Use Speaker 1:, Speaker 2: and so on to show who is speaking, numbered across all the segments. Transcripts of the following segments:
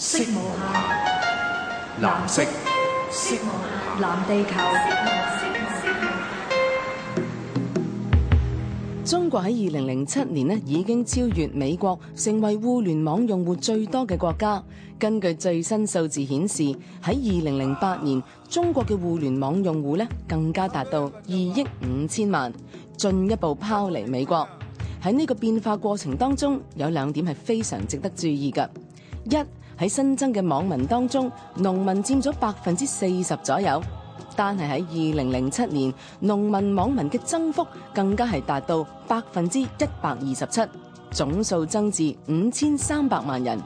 Speaker 1: 色無暇，藍色。色無暇，藍地球。中國喺二零零七年呢已經超越美國，成為互聯網用戶最多嘅國家。根據最新數字顯示，喺二零零八年，中國嘅互聯網用戶呢更加達到二億五千萬，進一步拋離美國。喺呢個變化過程當中，有兩點係非常值得注意嘅。一喺新增嘅網民當中，農民佔咗百分之四十左右。但係喺二零零七年，農民網民嘅增幅更加係達到百分之一百二十七，總數增至五千三百萬人。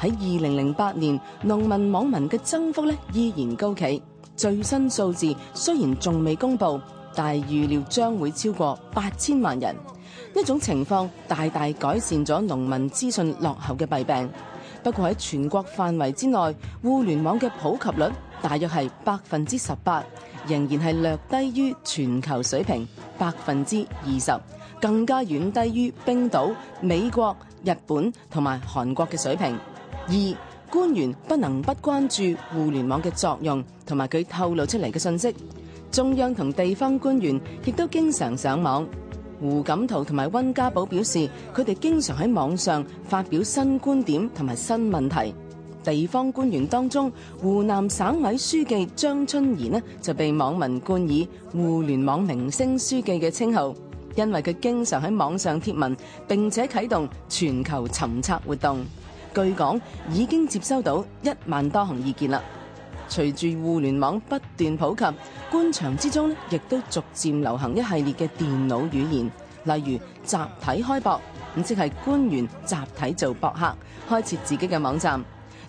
Speaker 1: 喺二零零八年，農民網民嘅增幅咧依然高企，最新數字雖然仲未公布，但係預料將會超過八千萬人。呢種情況大大改善咗農民資訊落後嘅弊病。不過喺全國範圍之內，互聯網嘅普及率大約係百分之十八，仍然係略低於全球水平百分之二十，更加遠低於冰島、美國、日本同埋韓國嘅水平。二、官員不能不關注互聯網嘅作用同埋佢透露出嚟嘅信息，中央同地方官員亦都經常上網。胡錦濤同埋溫家寶表示，佢哋經常喺網上發表新觀點同埋新問題。地方官員當中，湖南省委書記張春賢呢就被網民冠以“互聯網明星書記”嘅稱號，因為佢經常喺網上貼文，並且啟動全球尋策活動。據講已經接收到一萬多項意見啦。隨住互聯網不斷普及，官場之中亦都逐漸流行一系列嘅電腦語言，例如集體開博，咁即係官員集體做博客，開設自己嘅網站；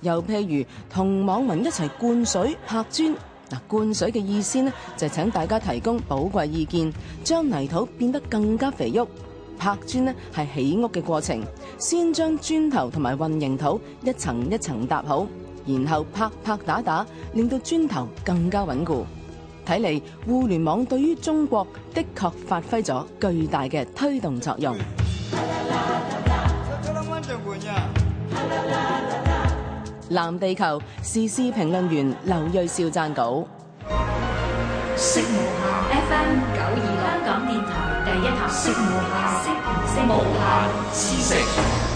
Speaker 1: 又譬如同網民一齊灌水、拍磚。嗱，灌水嘅意思呢，就係請大家提供寶貴意見，將泥土變得更加肥沃；拍磚呢係起屋嘅過程，先將磚頭同埋混凝土一層一層搭好。然後拍拍打打，令到磚頭更加穩固。睇嚟，互聯網對於中國的確發揮咗巨大嘅推動作用。藍地球時事評論員劉銳紹撰稿。是是。FM 92香港電台第一台。